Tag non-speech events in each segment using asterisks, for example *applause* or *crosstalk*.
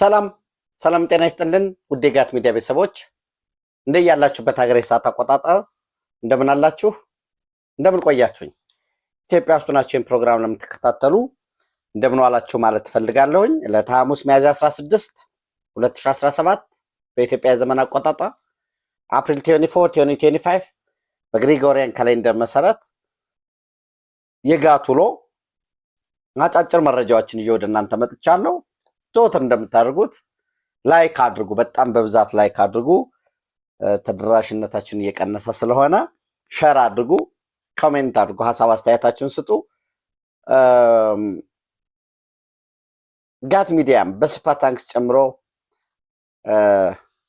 ሰላም ሰላም፣ ጤና ይስጥልን ውድ የጋት ሚዲያ ቤተሰቦች እንደ ያላችሁበት ሀገር የሰዓት አቆጣጠር እንደምን አላችሁ? እንደምን ቆያችሁኝ? ኢትዮጵያ ውስጥ ናችሁ ፕሮግራም ለምትከታተሉ እንደምን ዋላችሁ ማለት ትፈልጋለሁኝ። ዕለተ ሐሙስ ሚያዝያ 16 2017 በኢትዮጵያ የዘመን አቆጣጠር አፕሪል 24 2025 በግሪጎሪያን ካሌንደር መሰረት የጋት ውሎ አጫጭር መረጃዎችን ይዤ ወደ እናንተ መጥቻለሁ። ቶትር እንደምታደርጉት ላይክ አድርጉ። በጣም በብዛት ላይክ አድርጉ። ተደራሽነታችን እየቀነሰ ስለሆነ ሸር አድርጉ፣ ኮሜንት አድርጉ፣ ሀሳብ አስተያየታችሁን ስጡ። ጋት ሚዲያም በሱፐር ታንክስ ጨምሮ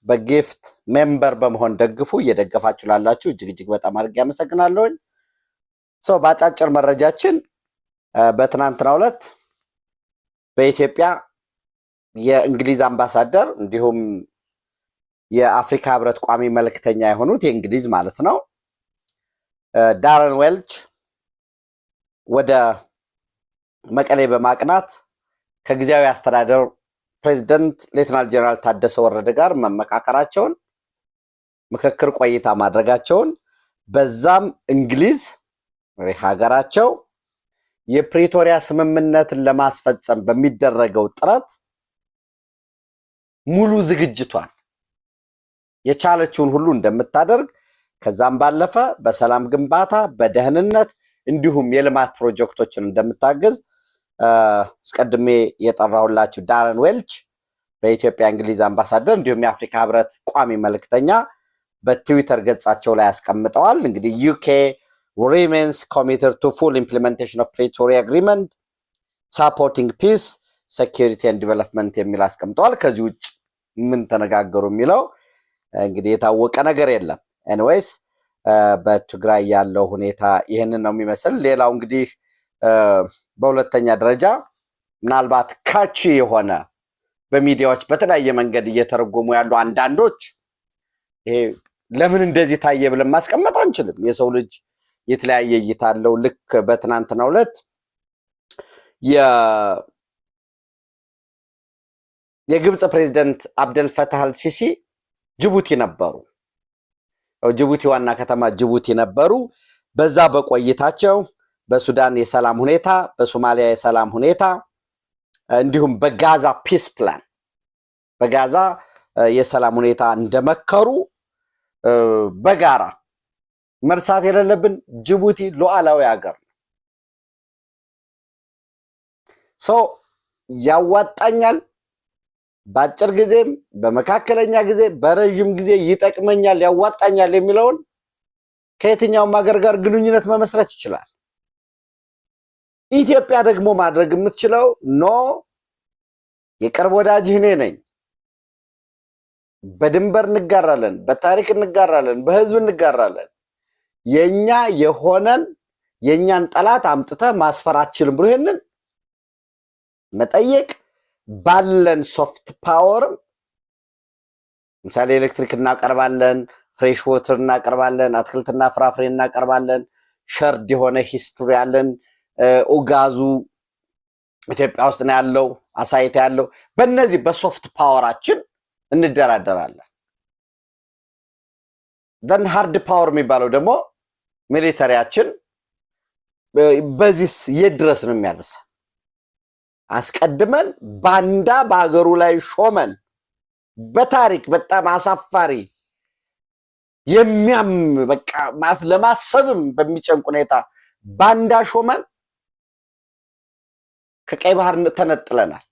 በጊፍት ሜምበር በመሆን ደግፉ። እየደገፋችሁ ላላችሁ እጅግ እጅግ በጣም አድርጌ አመሰግናለሁኝ። ሰው በአጫጭር መረጃችን በትናንትናው ዕለት በኢትዮጵያ የእንግሊዝ አምባሳደር እንዲሁም የአፍሪካ ህብረት ቋሚ መልእክተኛ የሆኑት የእንግሊዝ ማለት ነው ዳረን ዌልች ወደ መቀሌ በማቅናት ከጊዜያዊ አስተዳደር ፕሬዚደንት ሌትናል ጀነራል ታደሰ ወረደ ጋር መመካከራቸውን ምክክር ቆይታ ማድረጋቸውን በዛም እንግሊዝ ሀገራቸው የፕሪቶሪያ ስምምነትን ለማስፈጸም በሚደረገው ጥረት ሙሉ ዝግጅቷን የቻለችውን ሁሉ እንደምታደርግ ከዛም ባለፈ በሰላም ግንባታ፣ በደህንነት እንዲሁም የልማት ፕሮጀክቶችን እንደምታግዝ አስቀድሜ የጠራሁላችሁ ዳረን ዌልች በኢትዮጵያ እንግሊዝ አምባሳደር እንዲሁም የአፍሪካ ሕብረት ቋሚ መልእክተኛ በትዊተር ገጻቸው ላይ ያስቀምጠዋል። እንግዲህ ዩኬ ሪሜንስ ኮሚትድ ቱ ፉል ኢምፕሊመንቴሽን ኦፍ ፕሪቶሪያ አግሪመንት ሳፖርቲንግ ፒስ ሴኪሪቲ ኤንድ ዲቨሎፕመንት የሚል አስቀምጠዋል። ከዚህ ውጭ ምን ተነጋገሩ የሚለው እንግዲህ የታወቀ ነገር የለም። ኤንዌይስ በትግራይ ያለው ሁኔታ ይህንን ነው የሚመስል። ሌላው እንግዲህ በሁለተኛ ደረጃ ምናልባት ካቺ የሆነ በሚዲያዎች በተለያየ መንገድ እየተረጎሙ ያሉ አንዳንዶች ይሄ ለምን እንደዚህ ታየ ብለን ማስቀመጥ አንችልም። የሰው ልጅ የተለያየ እይታ አለው። ልክ በትናንትናው ዕለት የግብፅ ፕሬዚደንት ፈታህ አልሲሲ ጅቡቲ ነበሩ። ጅቡቲ ዋና ከተማ ጅቡቲ ነበሩ። በዛ በቆይታቸው በሱዳን የሰላም ሁኔታ፣ በሶማሊያ የሰላም ሁኔታ እንዲሁም በጋዛ ፒስ ፕላን በጋዛ የሰላም ሁኔታ እንደመከሩ በጋራ መርሳት የሌለብን ጅቡቲ ሉዓላዊ ሀገር ነው። ያዋጣኛል በአጭር ጊዜም በመካከለኛ ጊዜ በረዥም ጊዜ ይጠቅመኛል፣ ያዋጣኛል የሚለውን ከየትኛውም ሀገር ጋር ግንኙነት መመስረት ይችላል። ኢትዮጵያ ደግሞ ማድረግ የምትችለው ኖ የቅርብ ወዳጅህ እኔ ነኝ፣ በድንበር እንጋራለን፣ በታሪክ እንጋራለን፣ በህዝብ እንጋራለን፣ የእኛ የሆነን የእኛን ጠላት አምጥተህ ማስፈር አትችልም ብሎ ይሄንን መጠየቅ ባለን ሶፍት ፓወር ለምሳሌ ኤሌክትሪክ እናቀርባለን፣ ፍሬሽ ወተር እናቀርባለን፣ አትክልትና ፍራፍሬ እናቀርባለን። ሸርድ የሆነ ሂስትሪ ያለን ኡጋዙ ኢትዮጵያ ውስጥ ነው ያለው፣ አሳይት ያለው። በእነዚህ በሶፍት ፓወራችን እንደራደራለን። ዘን ሃርድ ፓወር የሚባለው ደግሞ ሚሊተሪያችን በዚህ የት ድረስ ነው የሚያደርሰው? አስቀድመን ባንዳ በሀገሩ ላይ ሾመን በታሪክ በጣም አሳፋሪ የሚያም በቃ ለማሰብም በሚጨንቅ ሁኔታ ባንዳ ሾመን ከቀይ ባህር ተነጥለናል።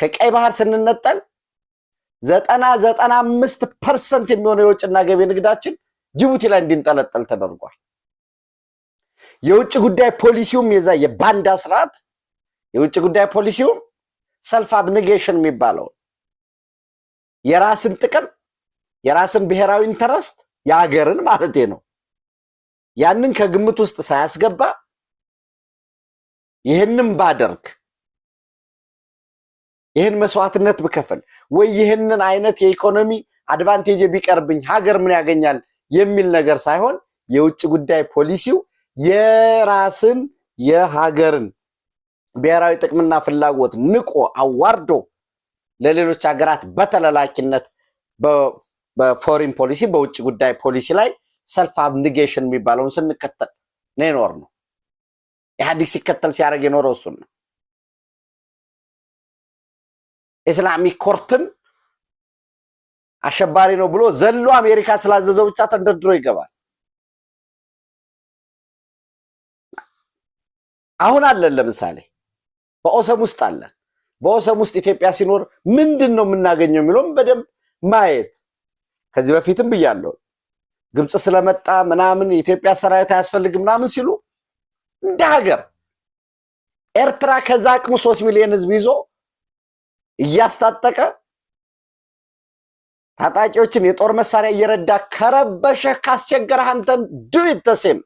ከቀይ ባህር ስንነጠል ዘጠና ዘጠና አምስት ፐርሰንት የሚሆነው የውጭና ገቢ ንግዳችን ጅቡቲ ላይ እንዲንጠለጠል ተደርጓል። የውጭ ጉዳይ ፖሊሲውም የዛ የባንዳ ስርዓት የውጭ ጉዳይ ፖሊሲውም ሰልፍ አብኔጌሽን የሚባለው የራስን ጥቅም የራስን ብሔራዊ ኢንተረስት የሀገርን ማለት ነው ያንን ከግምት ውስጥ ሳያስገባ ይህንም ባደርግ ይህን መስዋዕትነት ብከፍል ወይ ይህንን አይነት የኢኮኖሚ አድቫንቴጅ ቢቀርብኝ ሀገር ምን ያገኛል የሚል ነገር ሳይሆን የውጭ ጉዳይ ፖሊሲው የራስን የሀገርን ብሔራዊ ጥቅምና ፍላጎት ንቆ አዋርዶ ለሌሎች ሀገራት በተለላኪነት በፎሪን ፖሊሲ በውጭ ጉዳይ ፖሊሲ ላይ ሰልፍ አብኒጌሽን የሚባለውን ስንከተል ነው የኖር ነው። ኢህአዲግ ሲከተል ሲያደርግ የኖረው እሱን ነው። ኢስላሚክ ኮርትን አሸባሪ ነው ብሎ ዘሎ አሜሪካ ስላዘዘው ብቻ ተንደርድሮ ይገባል። አሁን አለን ለምሳሌ በኦሰም ውስጥ አለን። በኦሰም ውስጥ ኢትዮጵያ ሲኖር ምንድን ነው የምናገኘው የሚለውም በደንብ ማየት ከዚህ በፊትም ብያለሁ። ግብፅ ስለመጣ ምናምን የኢትዮጵያ ሰራዊት አያስፈልግም ምናምን ሲሉ እንደ ሀገር ኤርትራ ከዛ አቅሙ ሶስት ሚሊዮን ህዝብ ይዞ እያስታጠቀ ታጣቂዎችን የጦር መሳሪያ እየረዳ ከረበሸህ ካስቸገረህ አንተም ዱ ተሴም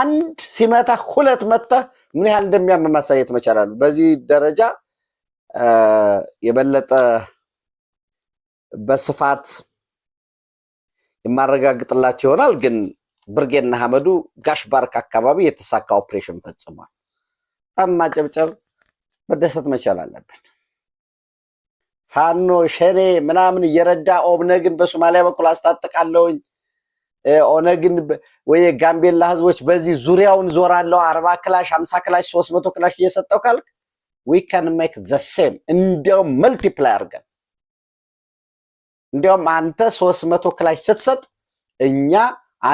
አንድ ሲመታ ሁለት መታ ምን ያህል እንደሚያም ማሳየት መቻላሉ። በዚህ ደረጃ የበለጠ በስፋት የማረጋግጥላቸው ይሆናል። ግን ብርጌና ሀመዱ ጋሽ ባርክ አካባቢ የተሳካ ኦፕሬሽን ፈጽሟል። በጣም ማጨብጨብ መደሰት መቻል አለብን። ፋኖ ሸኔ ምናምን እየረዳ ኦብነግን በሶማሊያ በኩል አስታጥቃለውኝ ኦነግን ወይ የጋምቤላ ህዝቦች በዚህ ዙሪያውን ዞራለው አርባ ክላሽ ሀምሳ ክላሽ ሶስት መቶ ክላሽ እየሰጠው ካልክ ዊ ካን ሜክ ዘ ሴም እንዲያውም መልቲፕላይ አድርገን እንዲያውም አንተ ሶስት መቶ ክላሽ ስትሰጥ እኛ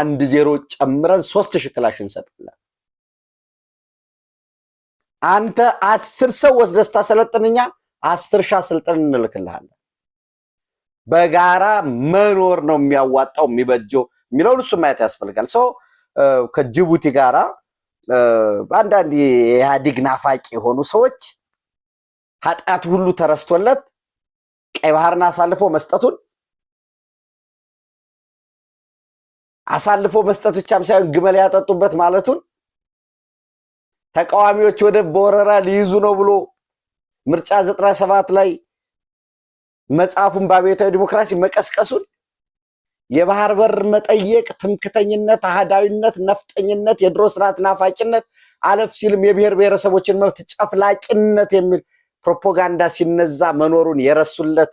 አንድ ዜሮ ጨምረን ሶስት ሺ ክላሽ እንሰጥለን። አንተ አስር ሰው ወስደህ ስታሰለጥን እኛ አስር ሺህ አሰልጥን እንልክልሃለን። በጋራ መኖር ነው የሚያዋጣው የሚበጀው። የሚለውን እሱ ማየት ያስፈልጋል። ሰው ከጅቡቲ ጋራ አንዳንድ የኢህአዲግ ናፋቂ የሆኑ ሰዎች ኃጢአቱ ሁሉ ተረስቶለት ቀይ ባህርን አሳልፎ መስጠቱን አሳልፎ መስጠት ብቻም ሳይሆን ግመል ያጠጡበት ማለቱን ተቃዋሚዎች ወደብ በወረራ ሊይዙ ነው ብሎ ምርጫ ዘጠና ሰባት ላይ መጽሐፉን በአብዮታዊ ዲሞክራሲ መቀስቀሱን የባህር በር መጠየቅ ትምክተኝነት፣ አህዳዊነት፣ ነፍጠኝነት፣ የድሮ ስርዓት ናፋቂነት፣ አለፍ ሲልም የብሔር ብሔረሰቦችን መብት ጨፍላቂነት የሚል ፕሮፓጋንዳ ሲነዛ መኖሩን የረሱለት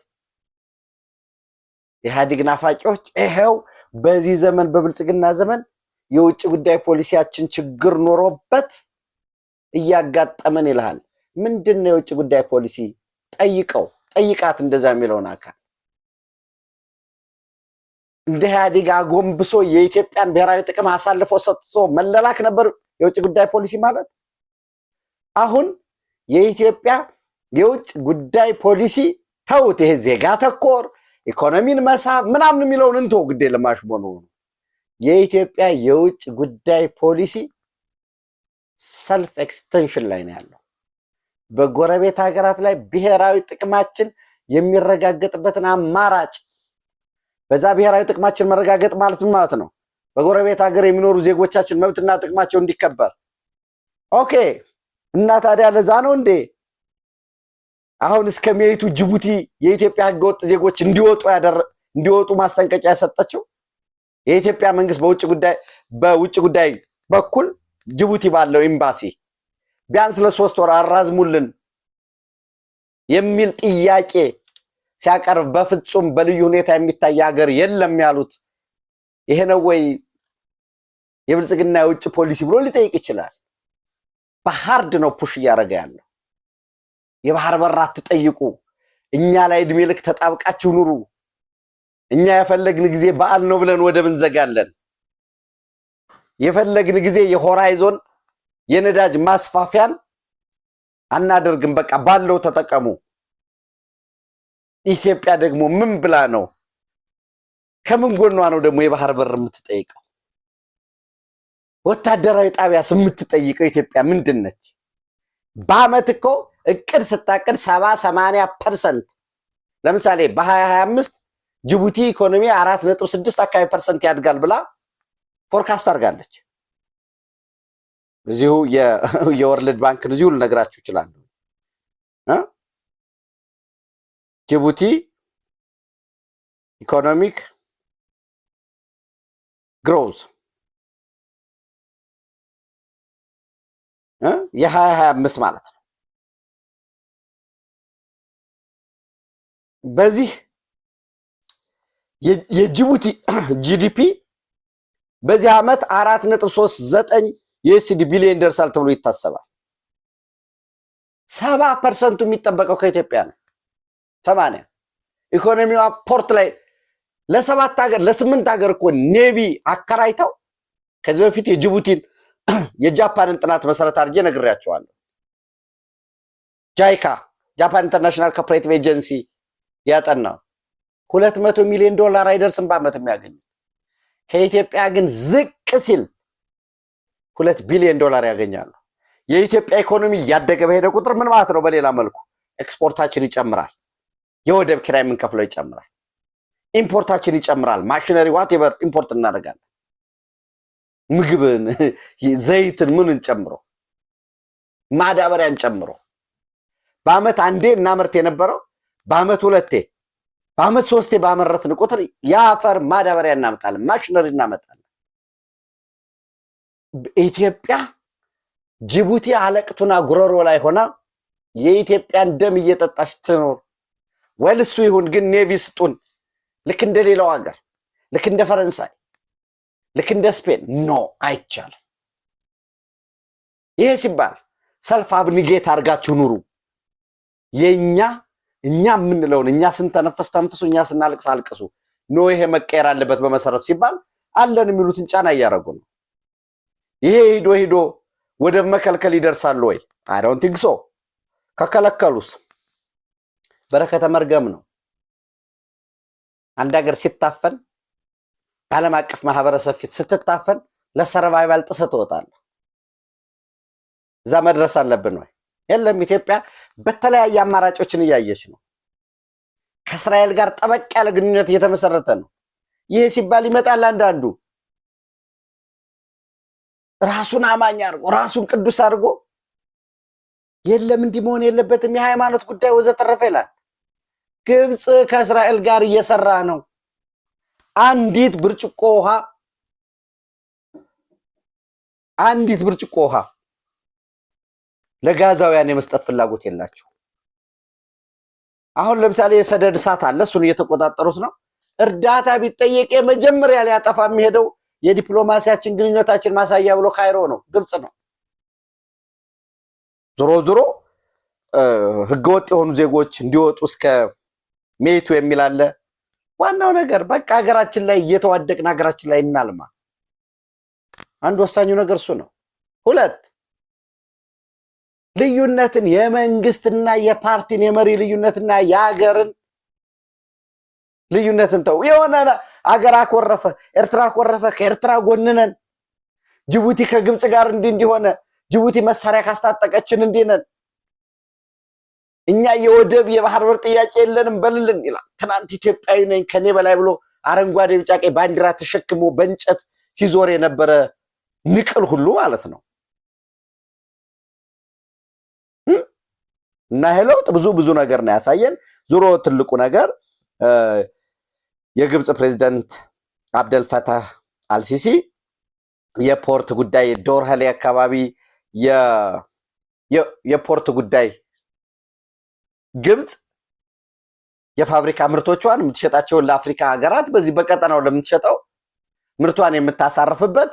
ኢህአዲግ ናፋቂዎች ይሄው በዚህ ዘመን በብልጽግና ዘመን የውጭ ጉዳይ ፖሊሲያችን ችግር ኖሮበት እያጋጠመን ይልሃል። ምንድን ነው የውጭ ጉዳይ ፖሊሲ? ጠይቀው ጠይቃት እንደዛ የሚለውን አካል እንደ ኢህአዴግ አጎንብሶ የኢትዮጵያን ብሔራዊ ጥቅም አሳልፎ ሰጥቶ መለላክ ነበር የውጭ ጉዳይ ፖሊሲ ማለት። አሁን የኢትዮጵያ የውጭ ጉዳይ ፖሊሲ ተውት፣ ይሄ ዜጋ ተኮር ኢኮኖሚን መሳብ ምናምን የሚለውን እንቶ ግዴ ለማሽ መሆኑ የኢትዮጵያ የውጭ ጉዳይ ፖሊሲ ሰልፍ ኤክስቴንሽን ላይ ነው ያለው። በጎረቤት ሀገራት ላይ ብሔራዊ ጥቅማችን የሚረጋገጥበትን አማራጭ በዛ ብሔራዊ ጥቅማችን መረጋገጥ ማለት ምን ማለት ነው? በጎረቤት ሀገር የሚኖሩ ዜጎቻችን መብትና ጥቅማቸው እንዲከበር። ኦኬ እና ታዲያ ለዛ ነው እንዴ አሁን እስከሚያዩቱ ጅቡቲ የኢትዮጵያ ህገወጥ ዜጎች እንዲወጡ እንዲወጡ ማስጠንቀቂያ የሰጠችው የኢትዮጵያ መንግስት በውጭ ጉዳይ በውጭ ጉዳይ በኩል ጅቡቲ ባለው ኤምባሲ ቢያንስ ለሶስት ወር አራዝሙልን የሚል ጥያቄ ሲያቀርብ በፍጹም በልዩ ሁኔታ የሚታይ ሀገር የለም ያሉት ይሄ ነው ወይ የብልጽግና የውጭ ፖሊሲ ብሎ ሊጠይቅ ይችላል። በሀርድ ነው ፑሽ እያደረገ ያለው። የባህር በር አትጠይቁ፣ እኛ ላይ እድሜ ልክ ተጣብቃችሁ ኑሩ፣ እኛ የፈለግን ጊዜ በዓል ነው ብለን ወደብ እንዘጋለን፣ የፈለግን ጊዜ የሆራይዞን የነዳጅ ማስፋፊያን አናደርግም፣ በቃ ባለው ተጠቀሙ ኢትዮጵያ ደግሞ ምን ብላ ነው ከምን ጎኗ ነው ደግሞ የባህር በር የምትጠይቀው? ወታደራዊ ጣቢያስ የምትጠይቀው ኢትዮጵያ ምንድን ነች? በአመት እኮ እቅድ ስታቅድ ሰባ ሰማንያ ፐርሰንት ለምሳሌ በሀያ ሀያ አምስት ጅቡቲ ኢኮኖሚ አራት ነጥብ ስድስት አካባቢ ፐርሰንት ያድጋል ብላ ፎርካስት አድርጋለች። እዚሁ የወርልድ ባንክን እዚሁ ልነግራችሁ እችላለሁ። ጅቡቲ ኢኮኖሚክ ግሮዝ የሀያ ሀያ ማለት ነው። በዚህ የጅቡቲ ጂዲፒ በዚህ ዓመት አራት ነጥብ ሶስት ዘጠኝ የዩኤስዲ ቢሊዮን ደርሳል ተብሎ ይታሰባል። ሰባ ፐርሰንቱ የሚጠበቀው ከኢትዮጵያ ነው። ሰማንያ ኢኮኖሚዋ ፖርት ላይ ለሰባት ሀገር ለስምንት ሀገር እኮ ኔቪ አከራይተው ከዚህ በፊት የጅቡቲን *clears throat* የጃፓንን ጥናት መሰረት አድርጌ ነግሬያቸዋለሁ። ጃይካ ጃፓን ኢንተርናሽናል ኮፐሬቲቭ ኤጀንሲ ያጠናው ሁለት መቶ ሚሊዮን ዶላር አይደርስም በአመት የሚያገኙት ከኢትዮጵያ ግን ዝቅ ሲል ሁለት ቢሊዮን ዶላር ያገኛሉ። የኢትዮጵያ ኢኮኖሚ እያደገ በሄደ ቁጥር ምን ማለት ነው? በሌላ መልኩ ኤክስፖርታችን ይጨምራል። የወደብ ኪራይ የምንከፍለው ይጨምራል። ኢምፖርታችን ይጨምራል። ማሽነሪ ዋቴቨር ኢምፖርት እናደርጋለን። ምግብን፣ ዘይትን፣ ምንን ጨምሮ ማዳበሪያን ጨምሮ በአመት አንዴ እናመርት የነበረው በአመት ሁለቴ በአመት ሶስቴ ባመረትን ቁጥር የአፈር ማዳበሪያ እናመጣለን፣ ማሽነሪ እናመጣለን። ኢትዮጵያ ጅቡቲ አለቅቱና ጉረሮ ላይ ሆና የኢትዮጵያን ደም እየጠጣች ትኖር። ወል እሱ ይሁን ግን ኔቪ ስጡን። ልክ እንደ ሌላው ሀገር፣ ልክ እንደ ፈረንሳይ፣ ልክ እንደ ስፔን ኖ አይቻልም። ይሄ ሲባል ሰልፍ አብንጌት አድርጋችሁ ኑሩ። የእኛ እኛ የምንለውን እኛ ስንተነፈስ ተንፍሱ፣ እኛ ስናልቅስ አልቅሱ። ኖ ይሄ መቀየር አለበት በመሰረቱ ሲባል አለን የሚሉትን ጫና እያደረጉ ነው። ይሄ ሂዶ ሂዶ ወደ መከልከል ይደርሳሉ ወይ? አይ ዶንት ቲንክ ሶ። ከከለከሉስ በረከተ መርገም ነው። አንድ ሀገር ሲታፈን በዓለም አቀፍ ማህበረሰብ ፊት ስትታፈን ለሰርቫይቫል ጥሰት ትወጣለ። እዛ መድረስ አለብን ወይ? የለም። ኢትዮጵያ በተለያየ አማራጮችን እያየች ነው። ከእስራኤል ጋር ጠበቅ ያለ ግንኙነት እየተመሰረተ ነው። ይሄ ሲባል ይመጣል አንዳንዱ ራሱን አማኝ አድርጎ ራሱን ቅዱስ አድርጎ የለም እንዲህ መሆን የለበትም የሃይማኖት ጉዳይ ወዘተረፈ ይላል። ግብፅ ከእስራኤል ጋር እየሰራ ነው። አንዲት ብርጭቆ ውሃ አንዲት ብርጭቆ ውሃ ለጋዛውያን የመስጠት ፍላጎት የላቸው። አሁን ለምሳሌ የሰደድ እሳት አለ፣ እሱን እየተቆጣጠሩት ነው። እርዳታ ቢጠየቅ የመጀመሪያ ሊያጠፋ የሚሄደው የዲፕሎማሲያችን ግንኙነታችን ማሳያ ብሎ ካይሮ ነው፣ ግብፅ ነው። ዞሮ ዞሮ ህገወጥ የሆኑ ዜጎች እንዲወጡ እስከ ሜቱ የሚል አለ። ዋናው ነገር በቃ ሀገራችን ላይ እየተዋደቅን ሀገራችን ላይ እናልማ። አንድ ወሳኙ ነገር እሱ ነው። ሁለት ልዩነትን የመንግስትና የፓርቲን የመሪ ልዩነትና የሀገርን ልዩነትን ተው። የሆነ አገር አኮረፈ፣ ኤርትራ አኮረፈ፣ ከኤርትራ ጎንነን፣ ጅቡቲ ከግብፅ ጋር እንዲህ እንዲሆነ፣ ጅቡቲ መሳሪያ ካስታጠቀችን እንዲህ ነን። እኛ የወደብ የባህር በር ጥያቄ የለንም በልልን ይላል። ትናንት ኢትዮጵያዊ ነኝ ከኔ በላይ ብሎ አረንጓዴ ቢጫ ቀይ ባንዲራ ተሸክሞ በእንጨት ሲዞር የነበረ ንቅል ሁሉ ማለት ነው። እና ይሄ ለውጥ ብዙ ብዙ ነገር ነው ያሳየን። ዙሮ ትልቁ ነገር የግብፅ ፕሬዚደንት አብደልፈታህ አልሲሲ የፖርት ጉዳይ ዶርሃሌ አካባቢ የፖርት ጉዳይ ግብፅ የፋብሪካ ምርቶቿን የምትሸጣቸውን ለአፍሪካ ሀገራት በዚህ በቀጠናው ለምትሸጠው ምርቷን የምታሳርፍበት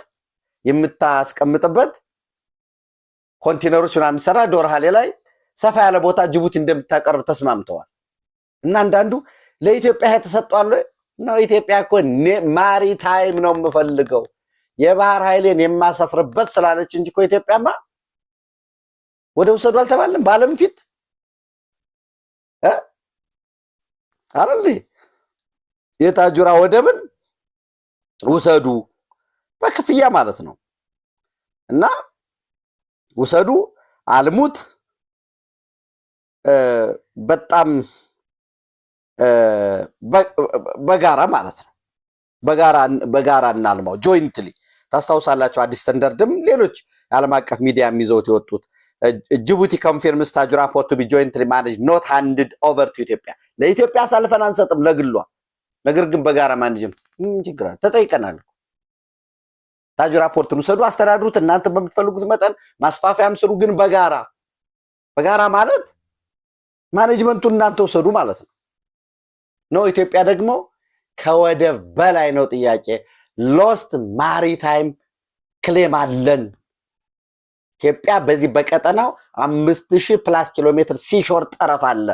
የምታስቀምጥበት ኮንቴነሮች ምናምን የሚሰራ ዶርሃሌ ላይ ሰፋ ያለ ቦታ ጅቡቲ እንደምታቀርብ ተስማምተዋል። እና አንዳንዱ ለኢትዮጵያ የተሰጧለ ነው። ኢትዮጵያ እኮ ማሪታይም ነው የምፈልገው የባህር ኃይሌን የማሰፍርበት ስላለች እንጂ እኮ ኢትዮጵያማ ወደ ውሰዱ አልተባለም በዓለም ፊት አለ የታጁራ ወደብን ውሰዱ በክፍያ ማለት ነው። እና ውሰዱ አልሙት በጣም በጋራ ማለት ነው። በጋራ እናልማው ጆይንትሊ ታስታውሳላቸው። አዲስ ስታንዳርድም ሌሎች የዓለም አቀፍ ሚዲያ የሚዘውት የወጡት ጅቡቲ ኮንፊርምስ ታጁራፖርት ቢ ጆይንትሊ ማኔጅ ኖት ሃንድድ ኦቨር ቱ ኢትዮጵያ። ለኢትዮጵያ አሳልፈን አንሰጥም ለግሏ፣ ነገር ግን በጋራ ማኔጅም ችግር አለ። ተጠይቀናል። ታጁራፖርትን ውሰዱ፣ አስተዳድሩት እናንተ በምትፈልጉት መጠን ማስፋፊያም ስሩ፣ ግን በጋራ በጋራ ማለት ማኔጅመንቱ እናንተ ውሰዱ ማለት ነው ኖ ኢትዮጵያ ደግሞ ከወደብ በላይ ነው ጥያቄ ሎስት ማሪታይም ክሌም አለን ኢትዮጵያ በዚህ በቀጠናው አምስት ሺህ ፕላስ ኪሎ ሜትር ሲሾር ጠረፍ አለ።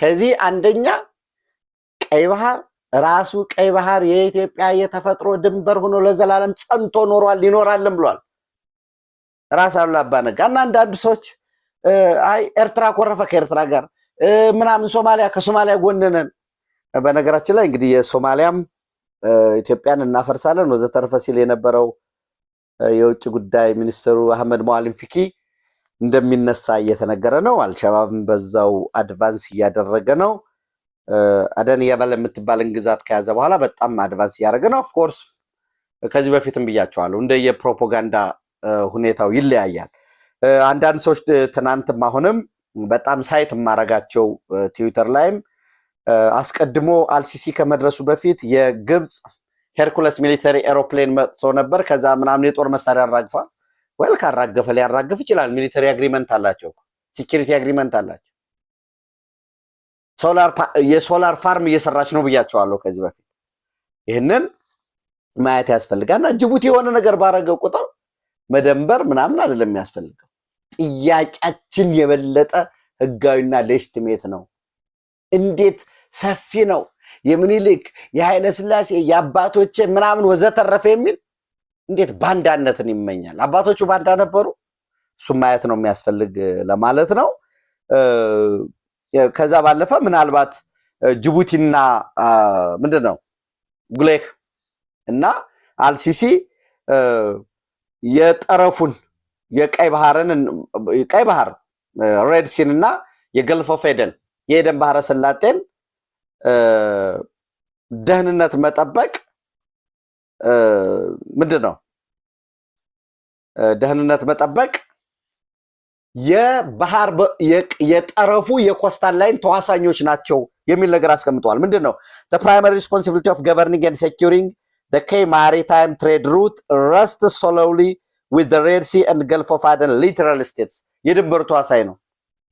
ከዚህ አንደኛ ቀይ ባህር ራሱ ቀይ ባህር የኢትዮጵያ የተፈጥሮ ድንበር ሆኖ ለዘላለም ጸንቶ ኖሯል ይኖራልም ብሏል ራስ አሉላ አባነጋ እና አንዳንድ ሰዎች አይ ኤርትራ ኮረፈ ከኤርትራ ጋር ምናምን ሶማሊያ ከሶማሊያ ጎንነን በነገራችን ላይ እንግዲህ የሶማሊያም ኢትዮጵያን እናፈርሳለን ወዘተረፈ ሲል የነበረው የውጭ ጉዳይ ሚኒስትሩ አህመድ ሞአሊም ፊኪ እንደሚነሳ እየተነገረ ነው። አልሸባብም በዛው አድቫንስ እያደረገ ነው። አደን የበል የምትባልን ግዛት ከያዘ በኋላ በጣም አድቫንስ እያደረገ ነው። ኦፍኮርስ ከዚህ በፊትም ብያቸዋለሁ፣ እንደ የፕሮፓጋንዳ ሁኔታው ይለያያል። አንዳንድ ሰዎች ትናንትም አሁንም በጣም ሳይት የማረጋቸው ትዊተር ላይም አስቀድሞ አልሲሲ ከመድረሱ በፊት የግብፅ ሄርኩለስ ሚሊተሪ ኤሮፕሌን መጥቶ ነበር። ከዛ ምናምን የጦር መሳሪያ አራግፏል። ወይል ካራገፈ ሊያራግፍ ይችላል። ሚሊተሪ አግሪመንት አላቸው፣ ሲኪሪቲ አግሪመንት አላቸው። የሶላር ፋርም እየሰራች ነው ብያቸዋለሁ ከዚህ በፊት። ይህንን ማየት ያስፈልጋል። እና ጅቡቲ የሆነ ነገር ባረገ ቁጥር መደንበር ምናምን አይደለም የሚያስፈልገው። ጥያቄያችን የበለጠ ህጋዊና ሌስቲሜት ነው። እንዴት ሰፊ ነው። የምኒልክ የኃይለስላሴ የአባቶቼ ምናምን ወዘተረፈ የሚል እንዴት ባንዳነትን ይመኛል? አባቶቹ ባንዳ ነበሩ። እሱም ማየት ነው የሚያስፈልግ ለማለት ነው። ከዛ ባለፈ ምናልባት ጅቡቲና ምንድን ነው ጉሌህ እና አልሲሲ የጠረፉን የቀይ ባህርን ቀይ ባህር ሬድሲን እና የገልፍ ኦፍ የኤደን ባህረ ሰላጤን ደህንነት መጠበቅ ምንድን ነው? ደህንነት መጠበቅ የባህር የጠረፉ ላይን ተዋሳኞች ናቸው የሚል ነገር አስቀምጠዋል። ምንድን ነው? ፕራይማሪ ሪስፖንሲቢሊቲ ኦፍ ገቨርኒንግ ኤንድ ሴኪሪንግ ከ ማሪታይም ትሬድ ሩት ረስት ሶሎሊ ዊዝ ሬድ ሲ ኤንድ ገልፍ ኦፍ አደን ሊተራል ስቴትስ የድንበሩ ተዋሳኝ ነው።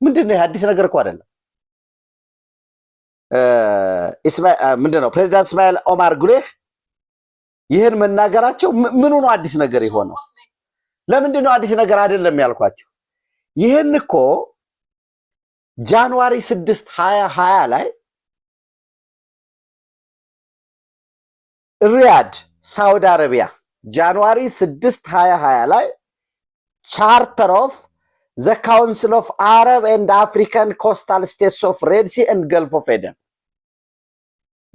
ምንድን ነው? አዲስ ነገር እኮ አይደለም። ምንድን ነው ፕሬዚዳንት እስማኤል ኦማር ጉሌህ ይህን መናገራቸው ምኑ ነው አዲስ ነገር የሆነው? ለምንድን ነው አዲስ ነገር አይደለም ያልኳቸው? ይህን እኮ ጃንዋሪ ስድስት ሀያ ሀያ ላይ ሪያድ ሳውዲ አረቢያ ጃንዋሪ ስድስት ሀያ ሀያ ላይ ቻርተር ኦፍ ዘ ካውንስል ኦፍ አረብ ኤንድ አፍሪካን ኮስታል ስቴትስ ኦፍ ሬድሲ ኤንድ ገልፍ ኦፍ ኤደን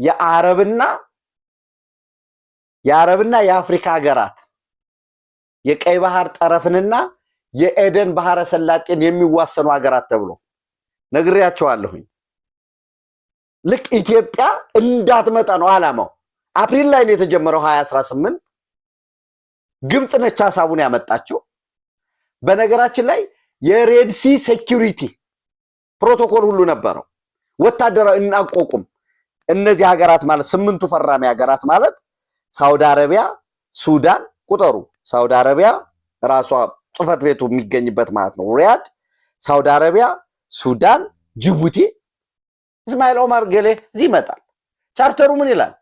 የአረብና የአረብና የአፍሪካ ሀገራት የቀይ ባህር ጠረፍንና የኤደን ባህረ ሰላጤን የሚዋሰኑ ሀገራት ተብሎ ነግሬያቸዋለሁኝ። ልክ ኢትዮጵያ እንዳትመጣ ነው አላማው። አፕሪል ላይ ነው የተጀመረው 2018 ግብፅ ነች ሀሳቡን ያመጣችው። በነገራችን ላይ የሬድሲ ሴኪሪቲ ፕሮቶኮል ሁሉ ነበረው። ወታደራዊ እናቆቁም እነዚህ ሀገራት ማለት ስምንቱ ፈራሚ ሀገራት ማለት ሳውዲ አረቢያ፣ ሱዳን ቁጠሩ። ሳውዲ አረቢያ ራሷ ጽህፈት ቤቱ የሚገኝበት ማለት ነው ሪያድ፣ ሳውዲ አረቢያ፣ ሱዳን፣ ጅቡቲ። እስማኤል ኦማር ገሌ እዚህ ይመጣል። ቻርተሩ ምን ይላል?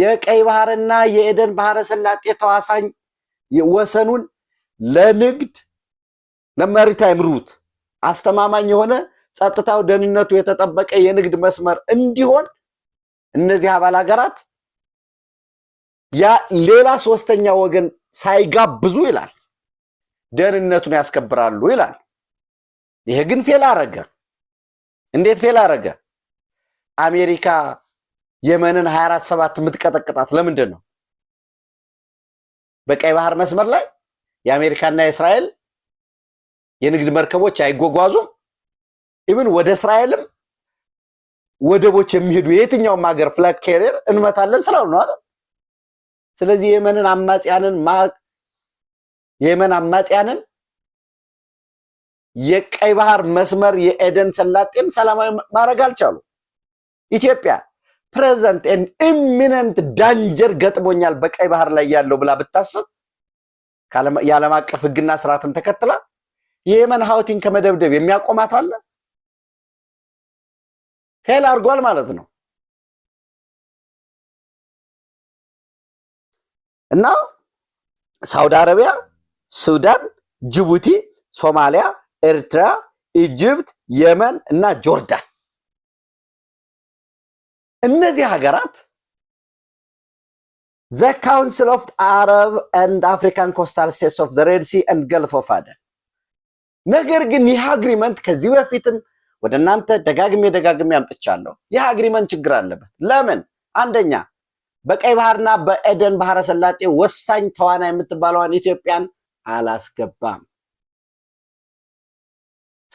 የቀይ ባህርና የኤደን ባህረ ሰላጤ ተዋሳኝ ወሰኑን ለንግድ ለመሪታይም ሩት አስተማማኝ የሆነ ጸጥታው፣ ደህንነቱ የተጠበቀ የንግድ መስመር እንዲሆን እነዚህ አባል ሀገራት ያ ሌላ ሶስተኛ ወገን ሳይጋብዙ ይላል ደህንነቱን ያስከብራሉ ይላል። ይሄ ግን ፌል አረገ። እንዴት ፌል አረገ? አሜሪካ የመንን 24 ሰባት የምትቀጠቅጣት ለምንድን ነው? በቀይ ባህር መስመር ላይ የአሜሪካና የእስራኤል የንግድ መርከቦች አይጓጓዙም። ኢብን ወደ እስራኤልም ወደቦች የሚሄዱ የትኛውም ሀገር ፍላግ ካሪየር እንመታለን ስላሉ ነው አይደል? ስለዚህ የመንን አማጽያንን የመን አማጽያንን የቀይ ባህር መስመር የኤደን ሰላጤን ሰላማዊ ማድረግ አልቻሉ። ኢትዮጵያ ፕሬዘንት ኤን ኢሚነንት ዳንጀር ገጥሞኛል በቀይ ባህር ላይ ያለው ብላ ብታስብ የዓለም አቀፍ ሕግና ስርዓትን ተከትላል? የየመን ሀውቲን ከመደብደብ የሚያቆማት አለ? ሄል አድርጓል ማለት ነው። እና ሳውዲ አረቢያ፣ ሱዳን፣ ጅቡቲ፣ ሶማሊያ፣ ኤርትራ፣ ኢጅፕት፣ የመን እና ጆርዳን እነዚህ ሀገራት ዘ ካውንስል ኦፍ አረብ ኤንድ አፍሪካን ኮስታል ስቴትስ ኦፍ ዘ ሬድ ሲ ኤንድ ገልፍ ኦፍ አደን ነገር ግን ይህ አግሪመንት ከዚህ በፊትም ወደ እናንተ ደጋግሜ ደጋግሜ አምጥቻለሁ። ይህ አግሪመንት ችግር አለበት። ለምን? አንደኛ በቀይ ባህርና በኤደን ባህረ ሰላጤ ወሳኝ ተዋና የምትባለዋን ኢትዮጵያን አላስገባም።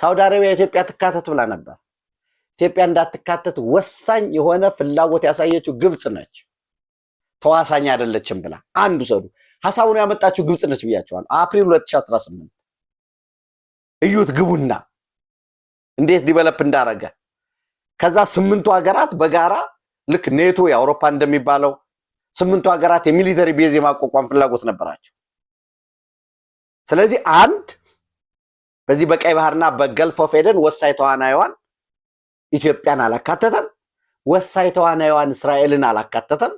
ሳውዲ አረቢያ ኢትዮጵያ ትካተት ብላ ነበር። ኢትዮጵያ እንዳትካተት ወሳኝ የሆነ ፍላጎት ያሳየችው ግብፅ ነች። ተዋሳኝ አይደለችም ብላ አንዱ ሰዱ ሀሳቡን ያመጣችው ግብፅ ነች ብያቸዋል። አፕሪል 2018 እዩት ግቡና እንዴት ዲቨሎፕ እንዳረገ። ከዛ ስምንቱ ሀገራት በጋራ ልክ ኔቶ የአውሮፓ እንደሚባለው ስምንቱ ሀገራት የሚሊተሪ ቤዝ የማቋቋም ፍላጎት ነበራቸው። ስለዚህ አንድ በዚህ በቀይ ባህርና በገልፍ ኦፍ ኤደን ወሳኝ ተዋናይዋን ኢትዮጵያን አላካተተም። ወሳኝ ተዋናይዋን እስራኤልን አላካተተም።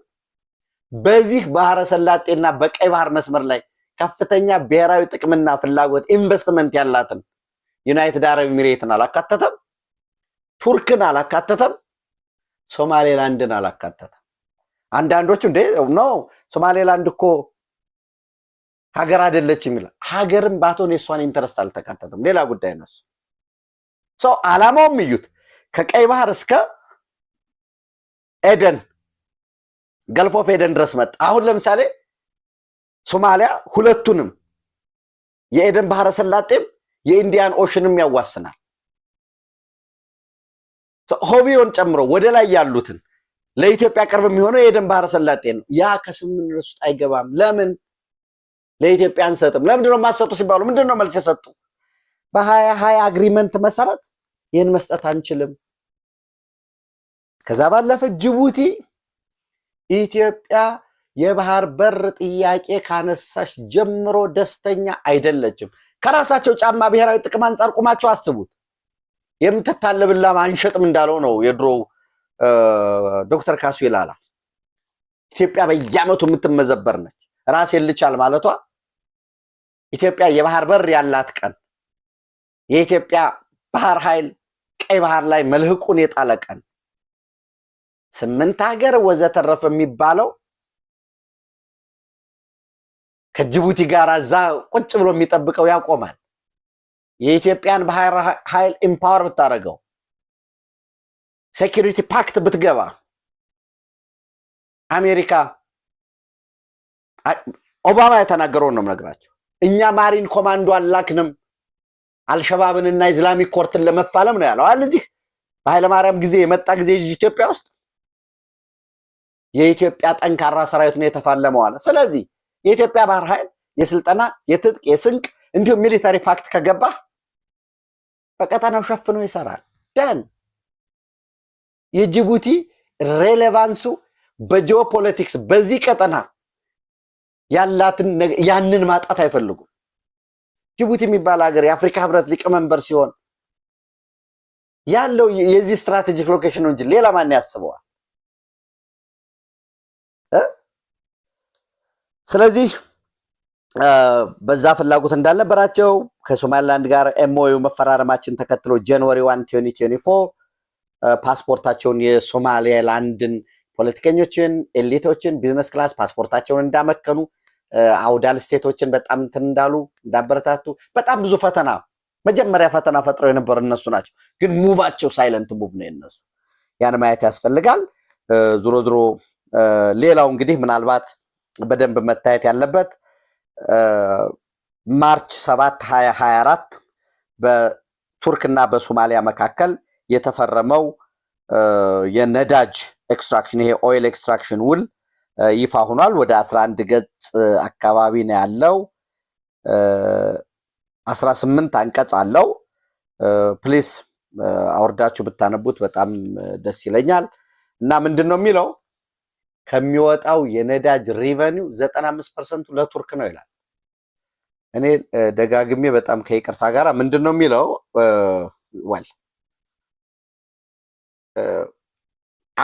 በዚህ ባህረ ሰላጤና በቀይ ባህር መስመር ላይ ከፍተኛ ብሔራዊ ጥቅምና ፍላጎት ኢንቨስትመንት ያላትን ዩናይትድ አረብ ኤሚሬትን አላካተተም። ቱርክን አላካተተም። ሶማሌላንድን አላካተተም። አንዳንዶቹ እንደ ኖ ሶማሌላንድ እኮ ሀገር አይደለችም ይላል። ሀገርም ባትሆን የእሷን ኢንተረስት አልተካተተም። ሌላ ጉዳይ ነው እሱ። ሰው አላማውም እዩት። ከቀይ ባህር እስከ ኤደን ገልፎፍ ኤደን ድረስ መጣ። አሁን ለምሳሌ ሶማሊያ ሁለቱንም የኤደን ባህረ ሰላጤም የኢንዲያን ኦሽንም ያዋስናል። ሆቢዮን ጨምሮ ወደ ላይ ያሉትን ለኢትዮጵያ ቅርብ የሚሆነው የኤደን ባህረ ሰላጤ ነው። ያ ከስምምነት ውስጥ አይገባም። ለምን ለኢትዮጵያ አንሰጥም? ለምንድን ነው ሲባሉ ምንድን ነው መልስ የሰጡ? በሀያ ሀያ አግሪመንት መሰረት ይህን መስጠት አንችልም። ከዛ ባለፈ ጅቡቲ ኢትዮጵያ የባህር በር ጥያቄ ካነሳሽ ጀምሮ ደስተኛ አይደለችም። ከራሳቸው ጫማ ብሔራዊ ጥቅም አንጻር ቁማቸው አስቡት። የምትታለብላ አንሸጥም እንዳለው ነው የድሮ ዶክተር ካሱ ይላላ። ኢትዮጵያ በየዓመቱ የምትመዘበር ነች። ራሴን ልቻል ማለቷ ኢትዮጵያ የባህር በር ያላት ቀን የኢትዮጵያ ባህር ኃይል ቀይ ባህር ላይ መልህቁን የጣለ ቀን ስምንት ሀገር ወዘተረፈ የሚባለው ከጅቡቲ ጋር እዛ ቁጭ ብሎ የሚጠብቀው ያቆማል። የኢትዮጵያን ባህር ኃይል ኢምፓወር ብታደርገው፣ ሴኪሪቲ ፓክት ብትገባ፣ አሜሪካ ኦባማ የተናገረውን ነው የምነግራቸው። እኛ ማሪን ኮማንዶ አላክንም አልሸባብንና ኢስላሚክ ኮርትን ለመፋለም ነው ያለው። አል እዚህ በኃይለማርያም ጊዜ የመጣ ጊዜ ኢትዮጵያ ውስጥ የኢትዮጵያ ጠንካራ ሰራዊት ነው የተፋለመው አለ። ስለዚህ የኢትዮጵያ ባህር ኃይል የስልጠና የትጥቅ የስንቅ እንዲሁም ሚሊተሪ ፓክት ከገባ በቀጠናው ሸፍኖ ይሰራል። ደን የጅቡቲ ሬሌቫንሱ በጂኦፖለቲክስ በዚህ ቀጠና ያላትን ያንን ማጣት አይፈልጉም። ጅቡቲ የሚባል ሀገር የአፍሪካ ህብረት ሊቀመንበር ሲሆን ያለው የዚህ ስትራቴጂክ ሎኬሽን ነው እንጂ ሌላ ማን ያስበዋል? ስለዚህ በዛ ፍላጎት እንዳልነበራቸው ከሶማሊላንድ ጋር ኤምኦዩ መፈራረማችን ተከትሎ ጃንዋሪ ዋን ቲኒ ቲኒ ፎር ፓስፖርታቸውን የሶማሊላንድን ፖለቲከኞችን፣ ኤሊቶችን ቢዝነስ ክላስ ፓስፖርታቸውን እንዳመከኑ አውዳል ስቴቶችን በጣም እንትን እንዳሉ እንዳበረታቱ በጣም ብዙ ፈተና መጀመሪያ ፈተና ፈጥረው የነበሩ እነሱ ናቸው። ግን ሙቫቸው ሳይለንት ሙቭ ነው የነሱ። ያን ማየት ያስፈልጋል። ዞሮ ዞሮ ሌላው እንግዲህ ምናልባት በደንብ መታየት ያለበት ማርች 7 2024 እና በሶማሊያ መካከል የተፈረመው የነዳጅ ኤክስትራክሽን ይሄ ኦይል ኤክስትራክሽን ውል ይፋ ሆኗል። ወደ 11 ገጽ አካባቢ ነው ያለው። 18 አንቀጽ አለው። ፕሊስ አውርዳችሁ ብታነቡት በጣም ደስ ይለኛል። እና ምንድን ነው የሚለው ከሚወጣው የነዳጅ ሪቨኒው 95 ፐርሰንቱ ለቱርክ ነው ይላል። እኔ ደጋግሜ በጣም ከይቅርታ ጋር ምንድን ነው የሚለው ወል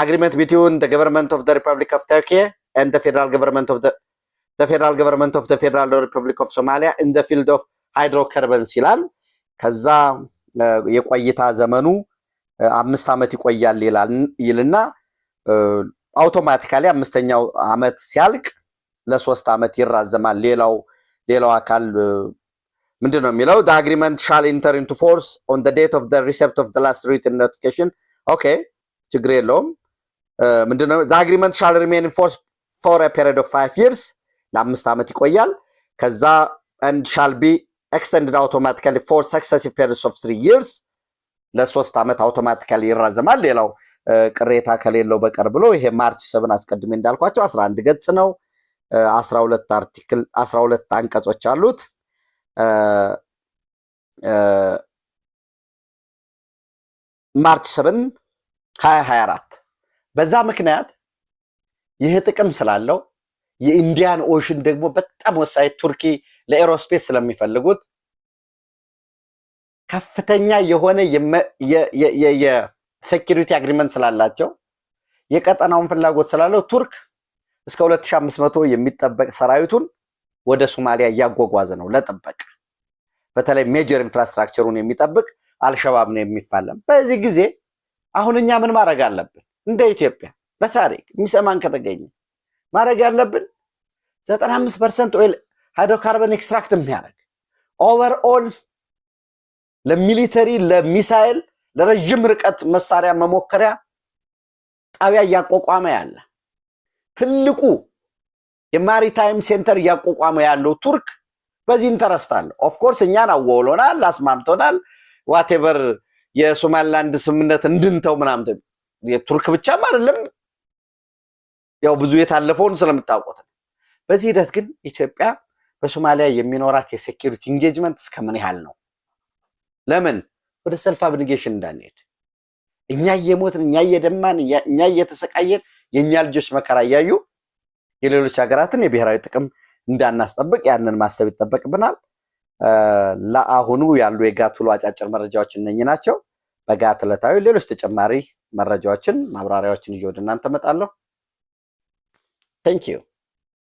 አግሪመንት ቢትዊን ደ ገቨርንመንት ኦፍ ደ ሪፐብሊክ ኦፍ ተርኪ ኤንድ ደ ፌደራል ገቨርንመንት ኦፍ ደ ፌደራል ገቨርንመንት ኦፍ ደ ፌደራል ሪፐብሊክ ኦፍ ሶማሊያ ኢን ደ ፊልድ ኦፍ ሃይድሮከርበንስ ይላል። ከዛ የቆይታ ዘመኑ አምስት ዓመት ይቆያል ይልና አውቶማቲካሊ አምስተኛው አመት ሲያልቅ ለሶስት አመት ይራዘማል። ሌላው ሌላው አካል ምንድን ነው የሚለው አግሪመንት ሻል ኢንተር ኢንቱ ፎርስ ኦን ዴት ኦፍ ሪሴፕት ኦፍ ላስት ሪትን ኖቲፊኬሽን። ኦኬ ችግር የለውም። ምንድን ነው አግሪመንት ሻል ሪሜን ኢንፎርስ ፎር ፔሪድ ኦፍ ፋይቭ ይርስ ለአምስት ዓመት ይቆያል። ከዛ ኤንድ ሻል ቢ ኤክስተንድድ አውቶማቲካሊ ፎር ሰክሰሲቭ ፔሪድስ ኦፍ ስሪ ይርስ ለሶስት ዓመት አውቶማቲካሊ ይራዘማል። ሌላው ቅሬታ ከሌለው በቀር ብሎ ይሄ ማርች ሰብን አስቀድሜ እንዳልኳቸው 11 ገጽ ነው። 12 አርቲክል 12 አንቀጾች አሉት። ማርች ሰብን 2024 በዛ ምክንያት ይህ ጥቅም ስላለው የኢንዲያን ኦሽን ደግሞ በጣም ወሳኝ ቱርኪ ለኤሮስፔስ ስለሚፈልጉት ከፍተኛ የሆነ ሴኪሪቲ አግሪመንት ስላላቸው የቀጠናውን ፍላጎት ስላለው ቱርክ እስከ 2500 የሚጠበቅ ሰራዊቱን ወደ ሶማሊያ እያጓጓዘ ነው ለጥበቅ በተለይ ሜጀር ኢንፍራስትራክቸሩን የሚጠብቅ አልሸባብ ነው የሚፋለም። በዚህ ጊዜ አሁን እኛ ምን ማድረግ አለብን? እንደ ኢትዮጵያ ለታሪክ የሚሰማን ከተገኘ ማድረግ ያለብን 95 ፐርሰንት ኦይል ሃይድሮካርበን ኤክስትራክት የሚያደርግ ኦቨር ኦል ለሚሊተሪ ለሚሳይል ለረዥም ርቀት መሳሪያ መሞከሪያ ጣቢያ እያቋቋመ ያለ ትልቁ የማሪታይም ሴንተር እያቋቋመ ያለው ቱርክ በዚህ እንተረስታል ኦፍኮርስ እኛን አወሎናል፣ አስማምቶናል። ዋቴቨር የሶማሊላንድ ስምምነት እንድንተው ምናምን የቱርክ ብቻም አይደለም፣ ያው ብዙ የታለፈውን ስለምታውቁት። በዚህ ሂደት ግን ኢትዮጵያ በሶማሊያ የሚኖራት የሴኪሪቲ ኢንጌጅመንት እስከምን ያህል ነው? ለምን ወደ ሰልፍ አብሊጌሽን እንዳንሄድ እኛ እየሞትን እኛ እየደማን እኛ እየተሰቃየን የእኛ ልጆች መከራ እያዩ የሌሎች ሀገራትን የብሔራዊ ጥቅም እንዳናስጠብቅ ያንን ማሰብ ይጠበቅብናል። ለአሁኑ ያሉ የጋት ውሎ አጫጭር መረጃዎች እነኝ ናቸው። በጋት ዕለታዊ ሌሎች ተጨማሪ መረጃዎችን ማብራሪያዎችን ይዤ ወደ እናንተ እመጣለሁ።